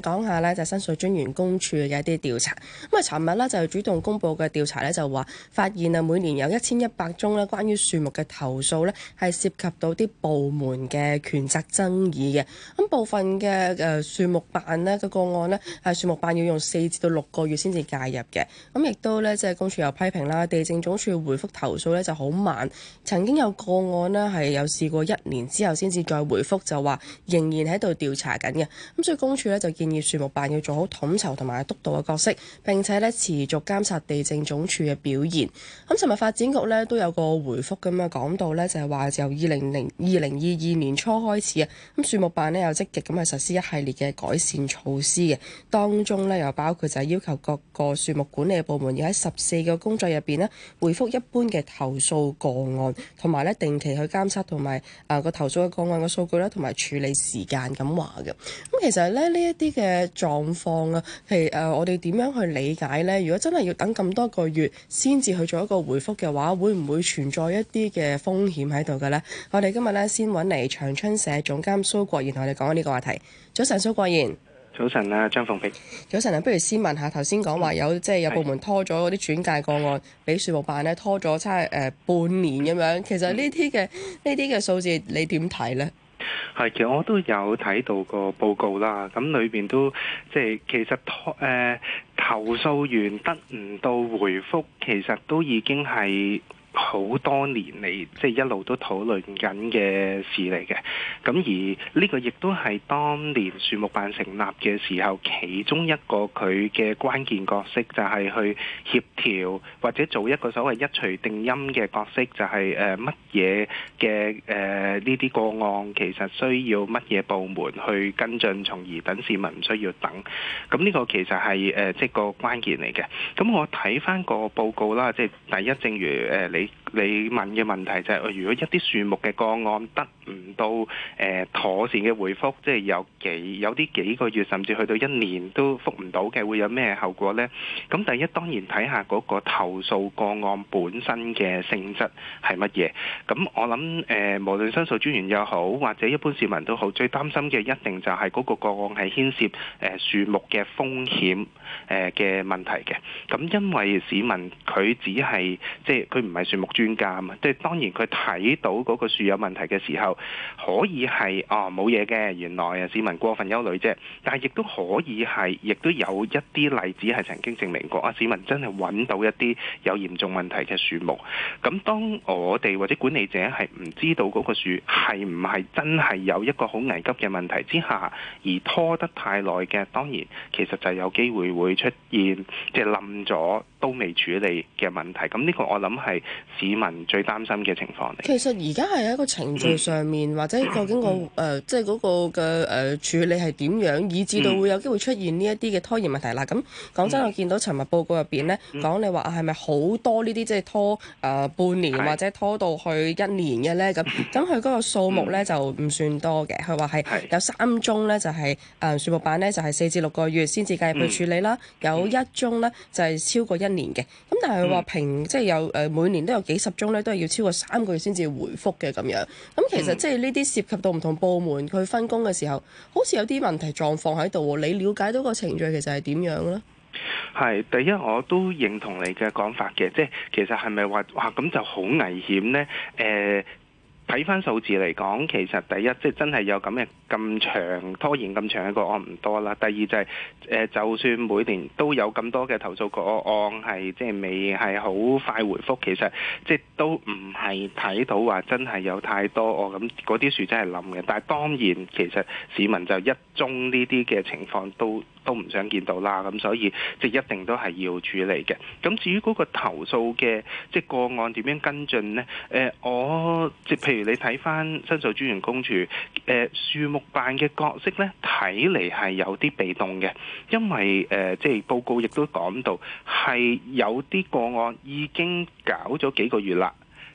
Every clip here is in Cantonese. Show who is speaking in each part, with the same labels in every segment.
Speaker 1: 講下咧，就申訴專員公署嘅一啲調查。咁啊，尋日咧就主動公布嘅調查咧，就話發現啊，每年有一千一百宗咧，關於樹木嘅投訴咧，係涉及到啲部門嘅權責爭議嘅。咁部分嘅誒樹木辦呢，嘅個案呢，係樹木辦要用四至到六個月先至介入嘅。咁亦都咧，即係公署又批評啦，地政總署回復投訴咧就好慢。曾經有個案呢，係有試過一年之後先至再回復，就話仍然喺度調查緊嘅。咁所以公署咧就建議樹木辦要做好統籌同埋督導嘅角色，並且咧持續監察地政總署嘅表現。咁尋日發展局咧都有個回覆咁啊，講到咧就係話由二零零二零二二年初開始啊，咁樹木辦咧有積極咁去實施一系列嘅改善措施嘅，當中咧又包括就係要求各個樹木管理部門要喺十四個工作入邊咧回覆一般嘅投訴個案，同埋咧定期去監察同埋啊個投訴嘅個案嘅數據啦，同埋處理時間咁話嘅。咁其實咧呢一啲。嘅狀況啊，係誒、呃，我哋點樣去理解呢？如果真係要等咁多個月先至去做一個回覆嘅話，會唔會存在一啲嘅風險喺度嘅呢？我哋今日咧先揾嚟長春社總監蘇國賢同我哋講下呢個話題。早晨，蘇國賢。
Speaker 2: 早晨啊，張鳳飛。
Speaker 1: 早晨啊，不如先問下頭先講話有即係、嗯有，就是、有部門拖咗嗰啲轉介個案俾的樹木辦咧，拖咗差誒半年咁樣。其實呢啲嘅呢啲嘅數字，你點睇呢？
Speaker 2: 係，其實我都有睇到個報告啦，咁裏面都即係其實投誒投訴員得唔到回覆，其實都已經係好多年嚟，即係一路都討論緊嘅事嚟嘅。咁而呢個亦都係當年樹木辦成立嘅時候，其中一個佢嘅關鍵角色就係去協調或者做一個所謂一錘定音嘅角色，就係誒乜嘢嘅誒呢啲個案其實需要乜嘢部門去跟進從而等市民唔需要等。咁呢個其實係誒即係個關鍵嚟嘅。咁我睇翻個報告啦，即係第一，正如誒你呃。你問嘅問題就係，如果一啲樹木嘅個案得唔到誒妥善嘅回覆，即係有幾有啲幾個月甚至去到一年都覆唔到嘅，會有咩後果呢？咁第一當然睇下嗰個投訴個案本身嘅性質係乜嘢。咁我諗誒，無論申訴專員又好，或者一般市民都好，最擔心嘅一定就係嗰個個案係牽涉誒樹木嘅風險誒嘅問題嘅。咁因為市民佢只係即係佢唔係。樹木專家啊嘛，即係當然佢睇到嗰個樹有問題嘅時候，可以係哦，冇嘢嘅，原來啊市民過分憂慮啫。但係亦都可以係，亦都有一啲例子係曾經證明過啊，市民真係揾到一啲有嚴重問題嘅樹木。咁當我哋或者管理者係唔知道嗰個樹係唔係真係有一個好危急嘅問題之下，而拖得太耐嘅，當然其實就有機會會出現即係冧咗。就是都未處理嘅問題，咁呢個我諗係市民最擔心嘅情況嚟。
Speaker 1: 其實而家係一個程序上面，或者究竟個誒，即係嗰個嘅誒處理係點樣，以致到會有機會出現呢一啲嘅拖延問題。嗱，咁講真，我見到尋日報告入邊咧，講你話啊，係咪好多呢啲即係拖誒半年或者拖到去一年嘅咧？咁咁佢嗰個數目咧就唔算多嘅。佢話係有三宗咧，就係誒樹木辦咧，就係四至六個月先至介入去處理啦；有一宗咧就係超過一年嘅，咁但係佢話平即係有誒，每年都有幾十宗咧，都係要超過三個月先至回覆嘅咁樣。咁其實即係呢啲涉及到唔同部門去分工嘅時候，好似有啲問題狀況喺度。你了解到個程序其實係點樣呢？
Speaker 2: 係第一，我都認同你嘅講法嘅，即係其實係咪話哇咁就好危險呢？誒、呃。睇翻數字嚟講，其實第一即係真係有咁嘅咁長拖延、咁長嘅個案唔多啦。第二就係誒，就算每年都有咁多嘅投訴個案係即係未係好快回覆，其實即係都唔係睇到話真係有太多哦，咁嗰啲樹真係冧嘅。但係當然其實市民就一宗呢啲嘅情況都。都唔想見到啦，咁所以即一定都係要處理嘅。咁至於嗰個投訴嘅即係個案點樣跟進呢？誒、呃，我即譬如你睇翻申訴專員公署誒樹木辦嘅角色呢，睇嚟係有啲被動嘅，因為誒即係報告亦都講到係有啲個案已經搞咗幾個月啦。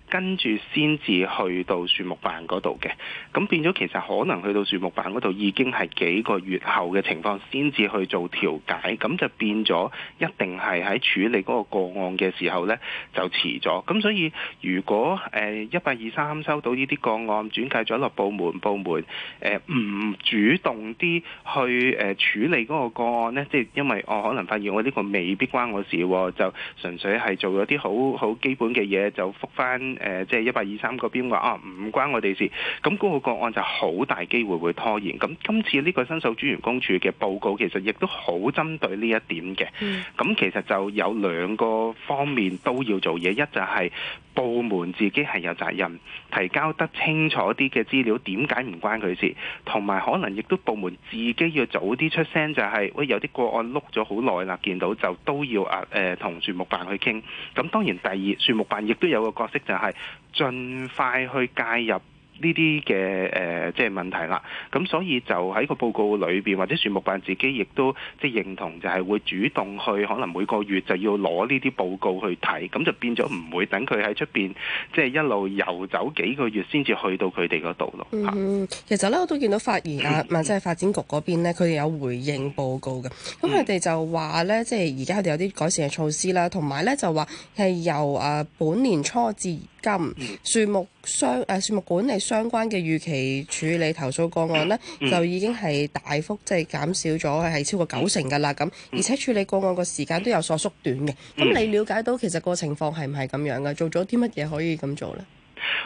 Speaker 2: 跟住先至去到樹木辦嗰度嘅，咁變咗其實可能去到樹木辦嗰度已經係幾個月後嘅情況，先至去做調解，咁就變咗一定係喺處理嗰個個案嘅時候呢，就遲咗。咁所以如果誒一八二三收到呢啲個案，轉介咗落部門部門唔、呃、主動啲去誒、呃、處理嗰個個案呢？即係因為我可能發現我呢個未必關我事，就純粹係做咗啲好好基本嘅嘢，就覆返。誒，即係一八二三嗰邊話啊，唔、哦、關我哋事，咁、那、嗰個個案就好大機會會拖延。咁今次呢個申訴專員公署嘅報告其實亦都好針對呢一點嘅。咁其實就有兩個方面都要做嘢，一就係部門自己係有責任提交得清楚啲嘅資料，點解唔關佢事？同埋可能亦都部門自己要早啲出聲、就是，就係喂有啲個案碌咗好耐啦，見到就都要啊同、呃、樹木辦去傾。咁當然第二樹木辦亦都有個角色就係、是。盡快去介入呢啲嘅，誒，即、呃、係、就是、問題啦。咁所以就喺個報告裏邊，或者樹木辦自己亦都即係、就是、認同，就係會主動去可能每個月就要攞呢啲報告去睇，咁就變咗唔會等佢喺出邊，即、就、係、是、一路遊走幾個月先至去到佢哋嗰度咯。嗯，
Speaker 1: 其實咧我都見到發現啊，嗯、即係發展局嗰邊咧，佢哋有回應報告嘅。咁佢哋就話咧，嗯、即係而家佢哋有啲改善嘅措施啦，同埋咧就話係由誒、啊、本年初至。咁樹木相誒樹木管理相關嘅預期處理投訴個案咧，就已經係大幅即係、就是、減少咗，係超過九成㗎喇咁，而且處理個案個時間都有所縮短嘅。咁你了解到其實個情況係唔係咁樣㗎？做咗啲乜嘢可以咁做咧？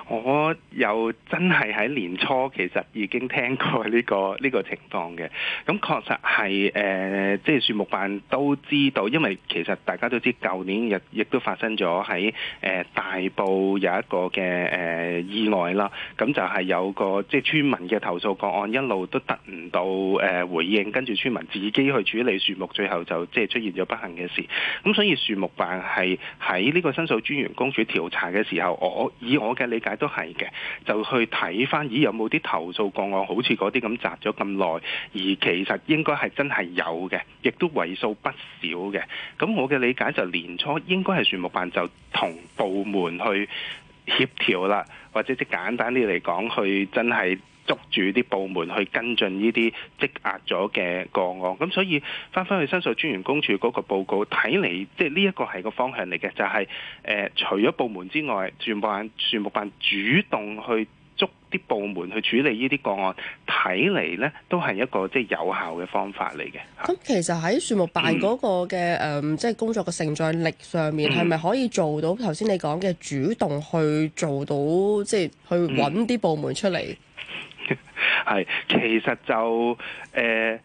Speaker 2: 我有真係喺年初，其實已經聽過呢、這個呢、這個情況嘅。咁確實係誒即係樹木辦都知道，因為其實大家都知，舊年亦亦都發生咗喺誒大埔有一個嘅誒、呃、意外啦。咁就係有個即係、就是、村民嘅投訴個案，一路都得唔到誒回應，跟住村民自己去處理樹木，最後就即係出現咗不幸嘅事。咁所以樹木辦係喺呢個申訴專員公署調查嘅時候，我，我以我嘅理。解都係嘅，就去睇返咦，有冇啲投訴個案好似嗰啲咁攷咗咁耐，而其實應該係真係有嘅，亦都為數不少嘅。咁我嘅理解就年初應該係樹木辦就同部門去協調啦，或者即簡單啲嚟講，去真係。捉住啲部門去跟進呢啲積壓咗嘅個案，咁所以翻翻去申訴專員公署嗰個報告睇嚟，即係呢一個係個方向嚟嘅，就係、是、誒、呃、除咗部門之外，全部辦樹木辦主動去捉啲部門去處理呢啲個案，睇嚟咧都係一個即係、就是、有效嘅方法嚟嘅。
Speaker 1: 咁其實喺樹木辦嗰個嘅誒即係工作嘅承載力上面，係咪可以做到頭先你講嘅主動去做到，即、就、係、是、去揾啲部門出嚟？
Speaker 2: 係， 其實就誒、呃，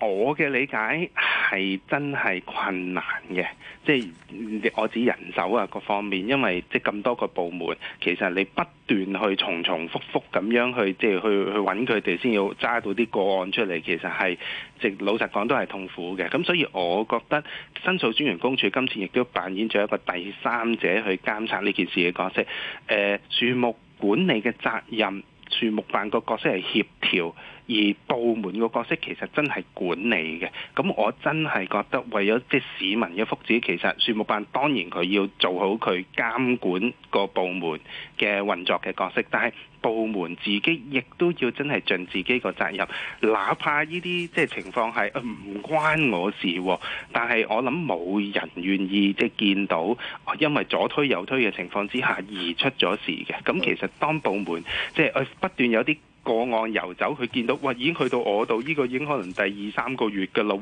Speaker 2: 我嘅理解係真係困難嘅，即係我指人手啊，各方面，因為即係咁多個部門，其實你不斷去重重複複咁樣去，即係去去揾佢哋，先要揸到啲個案出嚟。其實係，即係老實講都係痛苦嘅。咁所以我覺得申訴專員公署今次亦都扮演咗一個第三者去監察呢件事嘅角色。誒、呃，樹木管理嘅責任。樹木辦個角色係協調。而部門個角色其實真係管理嘅，咁我真係覺得為咗即係市民嘅福祉，其實樹木辦當然佢要做好佢監管個部門嘅運作嘅角色，但係部門自己亦都要真係盡自己個責任，哪怕呢啲即係情況係唔關我事，但係我諗冇人願意即係見到因為左推右推嘅情況之下而出咗事嘅。咁其實當部門即係不斷有啲。個案遊走，佢見到，哇，已經去到我度，呢個已經可能第二三個月嘅啦。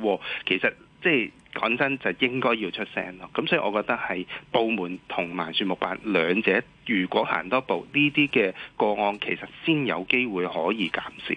Speaker 2: 其實即係講真，就應該要出聲咯。咁所以，我覺得係部門同埋樹木辦兩者，如果行多步，呢啲嘅個案其實先有機會可以減少。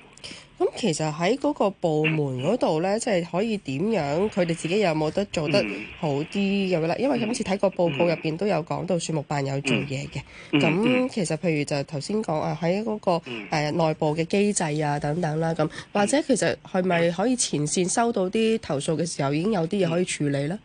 Speaker 1: 咁其實喺嗰個部門嗰度咧，即係可以點樣？佢哋自己有冇得做得好啲咁啦？因為今次睇個報告入邊都有講到樹木辦有做嘢嘅。咁、嗯嗯嗯、其實譬如就頭先講啊，喺嗰個誒內部嘅機制啊等等啦，咁或者其實係咪可以前線收到啲投訴嘅時候已經有啲嘢可以處理咧？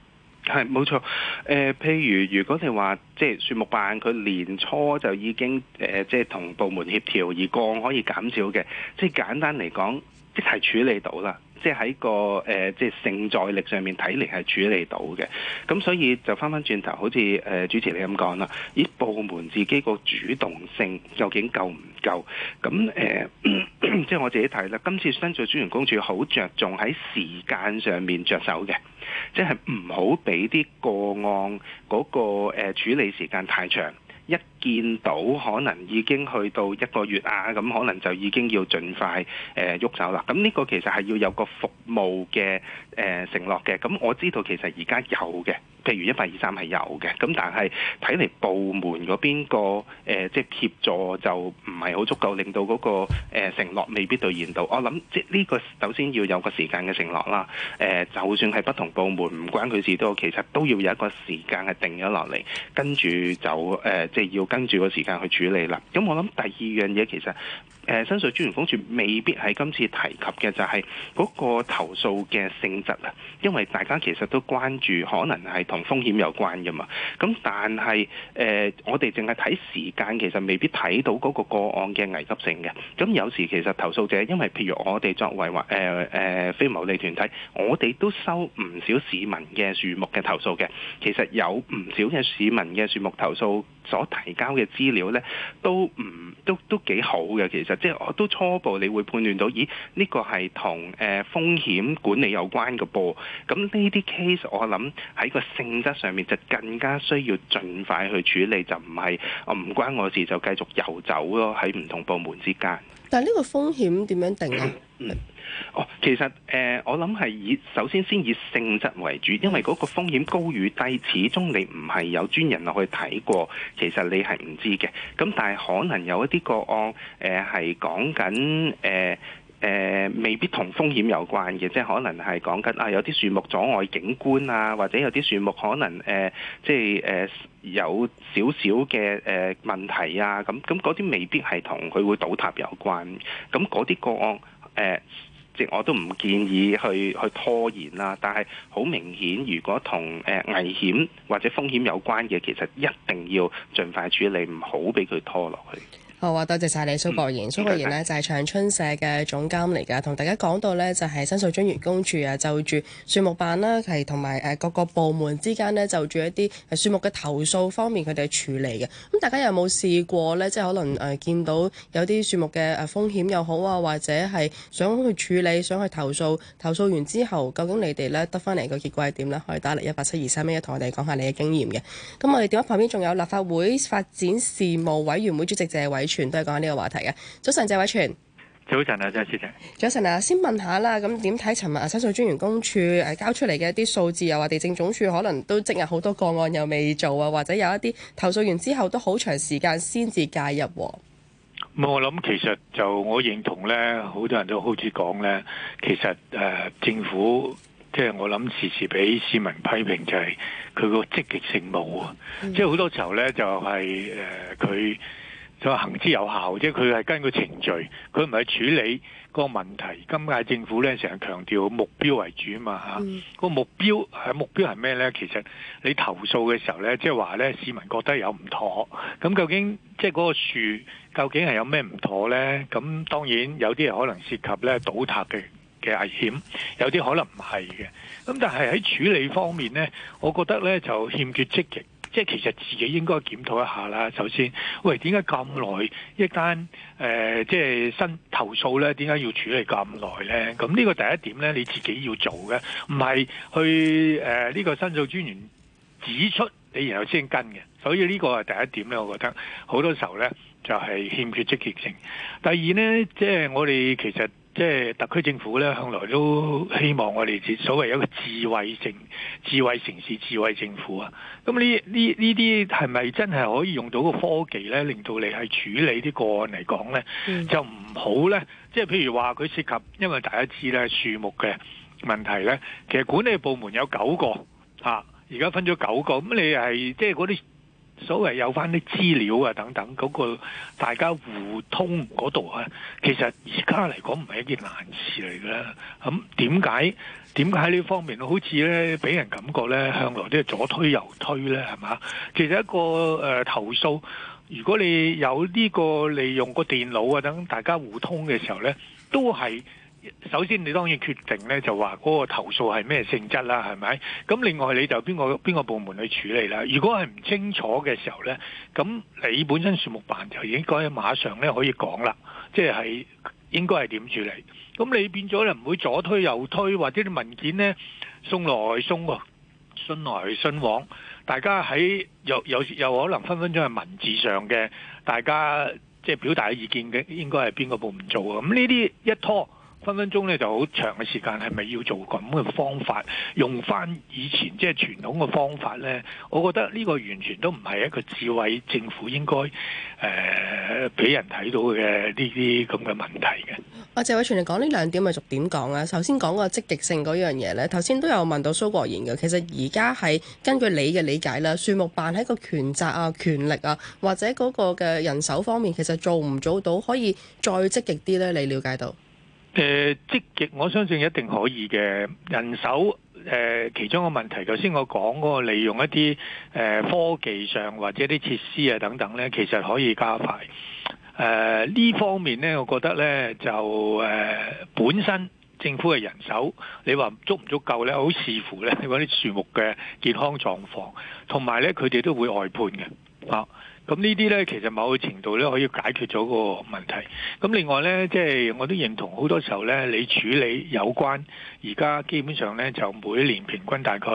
Speaker 2: 係冇錯，誒、呃，譬如如果你話即係樹木辦，佢年初就已經誒、呃，即係同部門協調而個案可以減少嘅，即係簡單嚟講，即係處理到啦，即係喺個誒、呃，即係承載力上面睇嚟係處理到嘅，咁所以就翻翻轉頭，好似誒、呃，主持你咁講啦，依部門自己個主動性究竟夠唔夠？咁誒、呃，即係我自己睇啦，今次申訴專員公署，好着重喺時間上面着手嘅。即係唔好俾啲個案嗰個誒，處理時間太長。見到可能已經去到一個月啊，咁可能就已經要盡快誒喐手啦。咁呢個其實係要有個服務嘅誒承諾嘅。咁我知道其實而家有嘅，譬如一八二三係有嘅。咁但係睇嚟部門嗰邊個誒即係協助就唔係好足夠，令到嗰個誒承諾未必兌現到。我諗即係呢個首先要有個時間嘅承諾啦。誒，就算係不同部門唔關佢事都，其實都要有一個時間係定咗落嚟，跟住就誒即係要。跟住個時間去處理啦。咁我諗第二樣嘢其實。誒，申訴專員公署未必係今次提及嘅，就係嗰個投訴嘅性質啊。因為大家其實都關注，可能係同風險有關噶嘛。咁但係誒，我哋淨係睇時間，其實未必睇到嗰個個案嘅危急性嘅。咁有時其實投訴者，因為譬如我哋作為話誒、誒、非牟利團體，我哋都收唔少市民嘅樹木嘅投訴嘅。其實有唔少嘅市民嘅樹木投訴所提交嘅資料咧，都唔都都幾好嘅。其實。即係我都初步，你會判斷到，咦？呢個係同誒風險管理有關嘅噃。咁呢啲 case，我諗喺個性質上面就更加需要盡快去處理，就唔係我唔關我事就繼續遊走咯，喺唔同部門之間。
Speaker 1: 但係呢個風險點樣定啊？嗯
Speaker 2: 嗯哦，其實誒、呃，我諗係以首先先以性質為主，因為嗰個風險高與低，始終你唔係有專人落去睇過，其實你係唔知嘅。咁但係可能有一啲個案誒係講緊誒誒，未必同風險有關嘅，即係可能係講緊啊有啲樹木阻礙景觀啊，或者有啲樹木可能誒、呃，即係誒、呃、有少少嘅誒問題啊，咁咁嗰啲未必係同佢會倒塌有關。咁嗰啲個案誒。呃即我都唔建議去去拖延啦，但係好明顯，如果同誒危險或者風險有關嘅，其實一定要盡快處理，唔好俾佢拖落去。
Speaker 1: 好啊，多謝晒你，蘇國賢。蘇國賢咧就係、是、長春社嘅總監嚟㗎，同大家講到呢，就係申訴專員公署啊，就住樹木辦啦、啊，係同埋誒各個部門之間呢，就住一啲樹木嘅投訴方面，佢哋係處理嘅。咁大家有冇試過呢？即係可能誒、呃、見到有啲樹木嘅誒風險又好啊，或者係想去處理、想去投訴。投訴完之後，究竟你哋呢得翻嚟個結果係點呢？可以打嚟一八七二三一一，同我哋講下你嘅經驗嘅。咁我哋電話旁邊仲有立法會發展事務委員會主席謝偉。全都係講緊呢個話題嘅。早晨，謝偉銓。
Speaker 3: 早晨啊，謝主席。
Speaker 1: 早晨啊，先問下啦。咁點睇？尋日申訴專員公署誒交出嚟嘅一啲數字，又話地政總署可能都積壓好多個案又未做啊，或者有一啲投訴完之後都好長時間先至介入。冇、嗯，
Speaker 3: 我諗其實就我認同咧，好多人都好似講咧，其實誒、呃、政府即係我諗時時俾市民批評就係佢個積極性冇啊，嗯、即係好多時候咧就係誒佢。呃佢話行之有效即係，佢係根據程序，佢唔係處理個問題。今屆政府咧成日強調目標為主啊嘛嚇，嗯、個目標係目標係咩咧？其實你投訴嘅時候咧，即係話咧市民覺得有唔妥，咁究竟即係嗰個樹究竟係有咩唔妥咧？咁當然有啲係可能涉及咧倒塌嘅嘅危險，有啲可能唔係嘅。咁但係喺處理方面咧，我覺得咧就欠缺積極。即係其實自己應該檢討一下啦。首先，喂，點解咁耐一單誒即係新投訴咧？點解要處理咁耐咧？咁呢個第一點咧，你自己要做嘅，唔係去誒呢個申訴專員指出你，然後先跟嘅。所以呢個係第一點咧，我覺得好多時候咧就係欠缺積極性。第二咧，即係我哋其實。即係特區政府咧，向來都希望我哋所謂一個智慧城、智慧城市、智慧政府啊。咁呢呢呢啲係咪真係可以用到個科技咧，令到你去處理啲個案嚟講咧，就唔好咧？即係譬如話佢涉及，因為大家知咧樹木嘅問題咧，其實管理部門有九個嚇，而家分咗九個，咁你係即係嗰啲。就是所謂有翻啲資料啊等等，嗰、那個大家互通嗰度啊，其實而家嚟講唔係一件難事嚟嘅啦。咁點解，點解喺呢方面好似咧，俾人感覺咧，向來都係左推右推咧係嘛？其實一個誒、呃、投訴，如果你有呢、這個利用個電腦啊等大家互通嘅時候咧，都係。首先你當然決定咧，就話嗰個投訴係咩性質啦，係咪？咁另外你就邊個邊個部門去處理啦？如果係唔清楚嘅時候咧，咁你本身樹木辦就應該喺馬上咧可以講啦，即係應該係點處理？咁你變咗就唔會左推右推，或者啲文件咧送來送信來信往，大家喺有有又可能分分鐘係文字上嘅，大家即係表達嘅意見嘅，應該係邊個部門做啊？咁呢啲一拖，分分鐘咧就好長嘅時間，係咪要做咁嘅方法，用翻以前即係傳統嘅方法咧？我覺得呢個完全都唔係一個智慧政府應該誒俾人睇到嘅呢啲咁嘅問題嘅。
Speaker 1: 阿謝偉銓，嚟講呢兩點，咪逐點講啊？頭先講個積極性嗰樣嘢咧，頭先都有問到蘇國賢嘅。其實而家係根據你嘅理解啦，樹木辦喺個權責啊、權力啊，或者嗰個嘅人手方面，其實做唔做到可以再積極啲咧？你了解到？
Speaker 3: 誒、呃，積極我相信一定可以嘅人手。誒、呃，其中個問題，頭先我講嗰個利用一啲、呃、科技上或者啲設施啊等等呢，其實可以加快。誒、呃、呢方面呢，我覺得呢就誒、呃、本身政府嘅人手，你話足唔足夠呢？我好視乎咧嗰啲樹木嘅健康狀況，同埋呢，佢哋都會外判嘅。啊，咁呢啲呢，其實某個程度呢可以解決咗個問題。咁另外呢，即係我都認同好多時候呢，你處理有關而家基本上呢，就每年平均大概、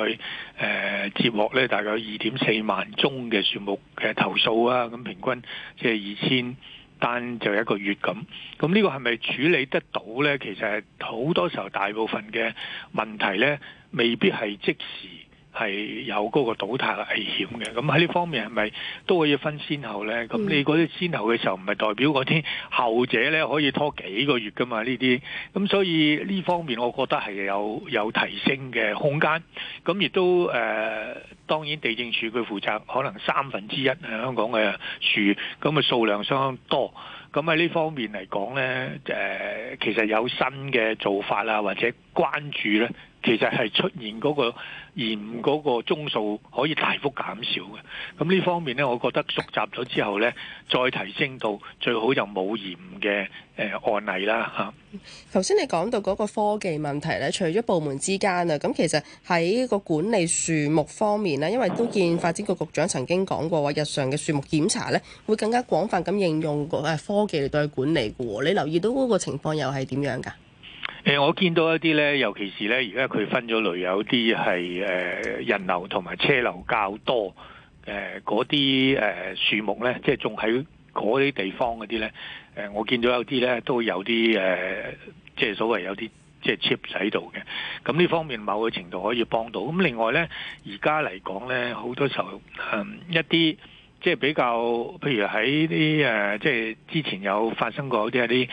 Speaker 3: 呃、接獲呢，大概二點四萬宗嘅樹木嘅投訴啊，咁平均即係二千單就一個月咁。咁呢個係咪處理得到呢？其實好多時候，大部分嘅問題呢，未必係即時。係有嗰個倒塌危險嘅，咁喺呢方面係咪都可以分先後呢？咁你嗰啲先後嘅時候，唔係代表嗰啲後者呢可以拖幾個月噶嘛？呢啲咁，所以呢方面我覺得係有有提升嘅空間。咁亦都誒、呃，當然地政署佢負責可能三分之一香港嘅樹，咁、那、嘅、個、數量相當多。咁喺呢方面嚟講呢，誒、呃、其實有新嘅做法啦、啊，或者。關注咧，其實係出現嗰個延誤嗰個鐘數可以大幅減少嘅。咁呢方面咧，我覺得熟習咗之後咧，再提升到最好就冇延誤嘅誒案例啦嚇。
Speaker 1: 頭先你講到嗰個科技問題咧，除咗部門之間啊，咁其實喺個管理樹木方面咧，因為都見發展局局長曾經講過話，日常嘅樹木檢查咧，會更加廣泛咁應用個誒科技嚟對管理嘅喎。你留意到嗰個情況又係點樣㗎？
Speaker 3: 誒、呃呃呃呃，我見到一啲咧，尤其是咧，而家佢分咗類，有啲係誒人流同埋車流較多，誒嗰啲誒樹木咧，即係仲喺嗰啲地方嗰啲咧，誒我見到有啲咧都有啲誒，即係所謂有啲即係 chip 喺度嘅，咁呢方面某個程度可以幫到。咁另外咧，而家嚟講咧，好多時候、嗯、一啲。即係比較，譬如喺啲誒，即係之前有發生過一啲誒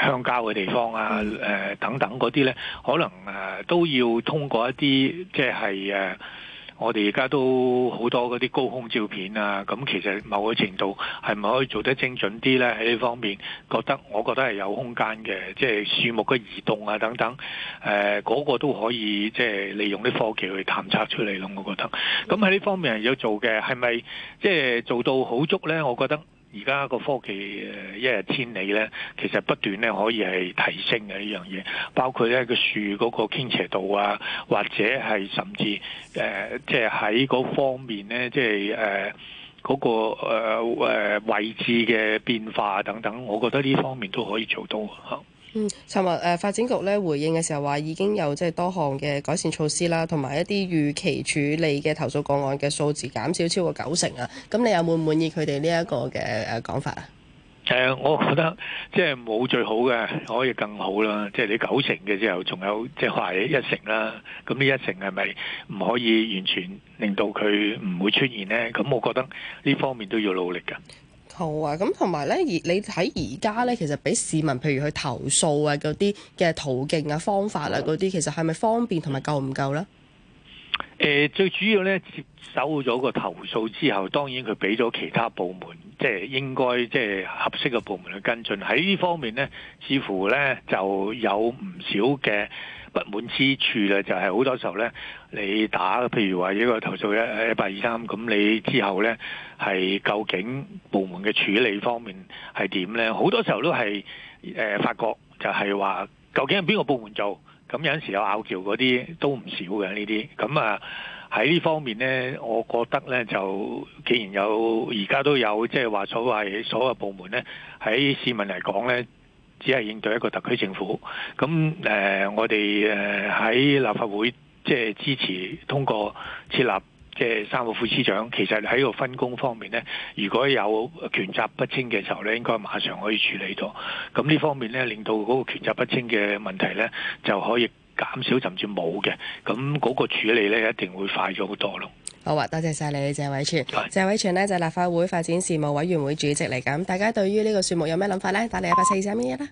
Speaker 3: 鄉郊嘅地方啊，誒等等嗰啲咧，可能誒都要通過一啲即係誒。就是我哋而家都好多嗰啲高空照片啊，咁其實某個程度係咪可以做得精準啲咧？喺呢方面，覺得我覺得係有空間嘅，即係樹木嘅移動啊等等，誒嗰個都可以即係利用啲科技去探測出嚟咯。我覺得，咁喺呢方面要做嘅係咪即係做到好足咧？我覺得。而家個科技一日千里咧，其實不斷咧可以係提升嘅呢樣嘢，包括咧個樹嗰個傾斜度啊，或者係甚至誒，即係喺嗰方面咧，即係誒嗰個誒、呃、位置嘅變化等等，我覺得呢方面都可以做到。
Speaker 1: 嗯，尋日誒發展局咧回應嘅時候話已經有即係多項嘅改善措施啦，同埋一啲預期處理嘅投訴個案嘅數字減少超過九成啊。咁你有冇滿意佢哋呢一個嘅誒講法
Speaker 3: 啊？誒，呃，我覺得即係冇最好嘅，可以更好啦。即係你九成嘅時候仲有即係話一成啦。咁呢一成係咪唔可以完全令到佢唔會出現呢？咁我覺得呢方面都要努力㗎。
Speaker 1: 好啊，咁同埋咧，而你睇而家咧，其實俾市民譬如去投訴啊，嗰啲嘅途徑啊、方法啊嗰啲，其實係咪方便同埋夠唔夠呢？
Speaker 3: 呃，最主要咧，接收咗個投訴之後，當然佢俾咗其他部門，即係應該即係合適嘅部門去跟進。喺呢方面咧，似乎咧就有唔少嘅不滿之處呢，就係好多時候咧，你打譬如話一個投訴一一八二三，咁你之後咧係究竟部門嘅處理方面係點咧？好多時候都係誒發覺就係話究竟係邊個部門做？咁有陣時候有拗撬嗰啲都唔少嘅呢啲。咁啊喺呢方面咧，我覺得咧就既然有而家都有，即係話所謂所有部門咧喺市民嚟講咧。只係應對一個特區政府，咁、呃、我哋喺立法會即係、即係、支持通過設立即係、即係、三個副司長，其實喺個分工方面呢，如果有權責不清嘅時候呢，應該馬上可以處理到。咁呢方面呢，令到嗰個權責不清嘅問題呢就可以減少甚至冇嘅。咁嗰個處理呢，一定會快咗好多咯。
Speaker 1: 好啊，多謝晒你謝偉銓。謝偉銓咧就係、是、立法會發展事務委員會主席嚟，咁，大家對於呢個樹木有咩諗法咧？打嚟一八四二三一一啦。